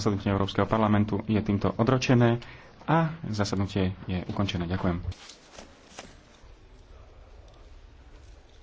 Zasadnutie Európskeho parlamentu je týmto odročené a zasadnutie je ukončené. Ďakujem.